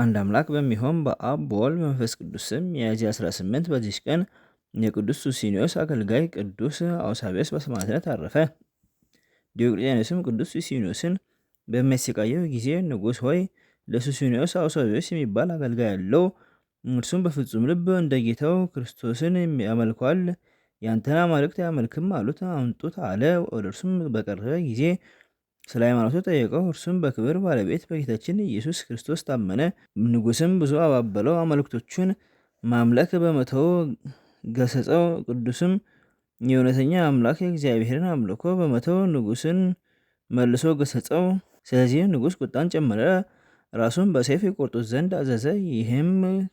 አንድ አምላክ በሚሆን በአብ በወልድ በመንፈስ ቅዱስ ስም ሚያዝያ 18 በዚች ቀን የቅዱስ ሱሲኒዮስ አገልጋይ ቅዱስ አውሳቤስ በሰማዕትነት አረፈ። ዲዮቅልጥያኖስም ቅዱስ ሱሲኒዮስን በሚያሰቃየው ጊዜ ንጉሥ ሆይ ለሱሲኒዮስ አውሳቤስ የሚባል አገልጋይ አለው። እርሱም በፍጹም ልብ እንደ ጌታው ክርስቶስን ያመልኳል። ያንተን አማልክት አያመልክም አሉት። አምጡት አለ። ወደ እርሱም በቀረበ ጊዜ ስለ ሃይማኖቱ ጠየቀው። እርሱም በክብር ባለቤት በጌታችን ኢየሱስ ክርስቶስ ታመነ። ንጉስም ብዙ አባበለው፣ አማልክቶቹን ማምለክ በመተው ገሰጸው። ቅዱስም የእውነተኛ አምላክ የእግዚአብሔርን አምልኮ በመተው ንጉስን መልሶ ገሰጸው። ስለዚህም ንጉስ ቁጣን ጨመረ፣ ራሱን በሰይፍ የቆርጡት ዘንድ አዘዘ። ይህም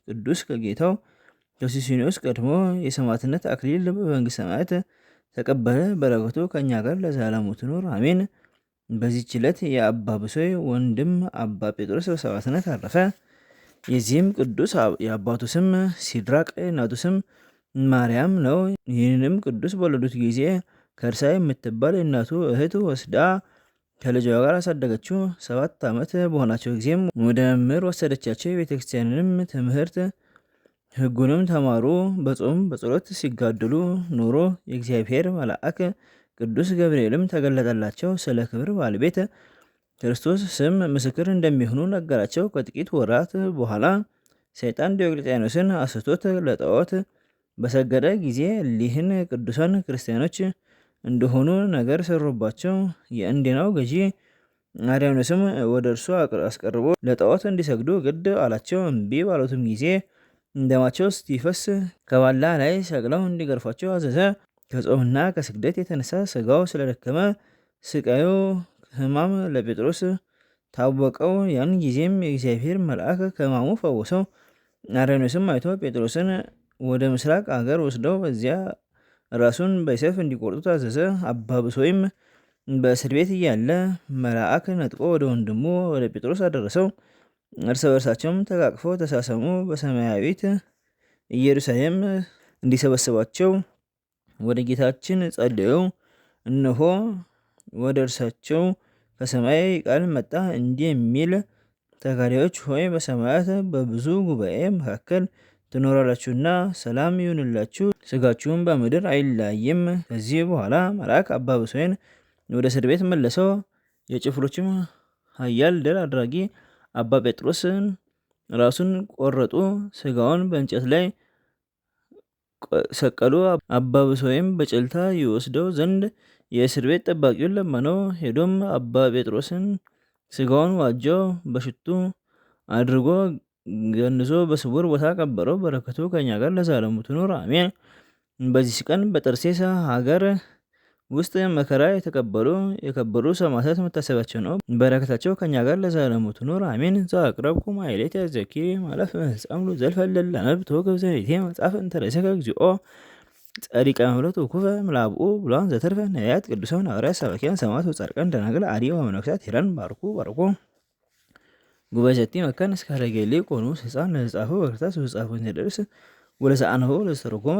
ቅዱስ ከጌታው ከሱስንዮስ ቀድሞ የሰማዕትነት አክሊል በመንግስት ሰማያት ተቀበለ። በረከቱ ከእኛ ጋር ለዘላለሙ ትኑር አሜን። በዚች ዕለት የአባ ብሶይ ወንድም አባ ጴጥሮስ በሰባትነት አረፈ። የዚህም ቅዱስ የአባቱ ስም ሲድራቅ የእናቱ ስም ማርያም ነው። ይህንም ቅዱስ በወለዱት ጊዜ ከእርሳ የምትባል የእናቱ እህት ወስዳ ከልጇ ጋር አሳደገችው። ሰባት ዓመት በሆናቸው ጊዜም ወደ መምህር ወሰደቻቸው። የቤተክርስቲያንንም ትምህርት ሕጉንም ተማሩ። በጾም በጸሎት ሲጋደሉ ኖሮ የእግዚአብሔር መልአክ ቅዱስ ገብርኤልም ተገለጠላቸው። ስለ ክብር ባለቤተ ክርስቶስ ስም ምስክር እንደሚሆኑ ነገራቸው። ከጥቂት ወራት በኋላ ሰይጣን ዲዮቅልጥያኖስን አስቶት ለጣዖት በሰገደ ጊዜ ሊህን ቅዱሳን ክርስቲያኖች እንደሆኑ ነገር ሰሩባቸው። የእንዲናው ገዢ አርያኖስም ወደ እርሱ አስቀርቦ ለጣዖት እንዲሰግዱ ግድ አላቸው። እምቢ ባሉትም ጊዜ ደማቸው ስቲፈስ ከባላ ላይ ሰቅለው እንዲገርፏቸው አዘዘ። ከጾምና ከስግደት የተነሳ ስጋው ስለደከመ ስቃዩ ሕማም ለጴጥሮስ ታወቀው። ያን ጊዜም የእግዚአብሔር መልአክ ከማሙ ፈወሰው። አርዮስም አይቶ ጴጥሮስን ወደ ምስራቅ አገር ወስደው በዚያ ራሱን በሰይፍ እንዲቆርጡ ታዘዘ። አባብሶ ወይም በእስር ቤት እያለ መልአክ ነጥቆ ወደ ወንድሙ ወደ ጴጥሮስ አደረሰው። እርስ በርሳቸውም ተቃቅፈው ተሳሰሙ። በሰማያዊት ኢየሩሳሌም እንዲሰበስባቸው ወደ ጌታችን ጸልየው፣ እነሆ ወደ እርሳቸው ከሰማይ ቃል መጣ እንዲህ የሚል ተካዳዮች ሆይ በሰማያት በብዙ ጉባኤ መካከል ትኖራላችሁና ሰላም ይሁንላችሁ፣ ስጋችሁን በምድር አይላይም! ከዚህ በኋላ መልአክ አባብሶይን ወደ እስር ቤት መለሰው። የጭፍሮችም ኃያል ድል አድራጊ አባ ጴጥሮስን ራሱን ቆረጡ፣ ስጋውን በእንጨት ላይ ሰቀሉ አባብሶ ወይም በጭልታ ይወስደው ዘንድ የእስር ቤት ጠባቂውን ለመነው። ሄዶም አባ ጴጥሮስን ስጋውን ዋጆ በሽቱ አድርጎ ገንዞ በስውር ቦታ ቀበረው። በረከቱ ከኛ ጋር ለዛለሙ ትኑር አሜን። በዚህ ቀን በጠርሴሳ ሀገር ውስጥ መከራ የተቀበሉ የከበሩ ሰማዕታት መታሰቢያቸው ነው። በረከታቸው ከኛ ጋር ለዘላለሙ ትኑር አሜን። ዘአቅረብኩ ማሕሌተ ዘኪ ማለፍ መጻምሉ ዘልፈለላ ወገብ ገብዘኔቴ መጽሐፍ እንተረሰከ እግዚኦ ጸሪቀ መፍለቱ ኩፈ ምላብኡ ብሏን ዘተርፈ ነያት ቅዱሳን፣ ሐዋርያት፣ ሰባኪያን፣ ሰማዕታት ወጻድቃን፣ ደናግል፣ አዲ ወመነኮሳት ሄረን ባርኩ ባርኩ ጉባኤ ሰቲ መካን እስካለጌሌ ቆኑ ህፃን ለህጻፈ በክርታስ ህጻፉ ደርስ ወለሰአንሆ ለተተረጎመ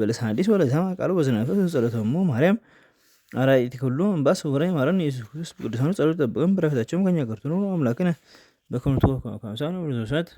በልሳነ ሐዲስ ወለሰማ ቃሉ በዝነ መንፈስ ጸሎቶሙ ማርያም አርአይት ሁሉ እምባስ ወራይ ማረን ኢየሱስ ክርስቶስ ቅዱሳኑ ጸሎት ጠብቀን በረከታቸውም ከኛ ጋር ትኑር አምላክነ ብዙ ሰዓት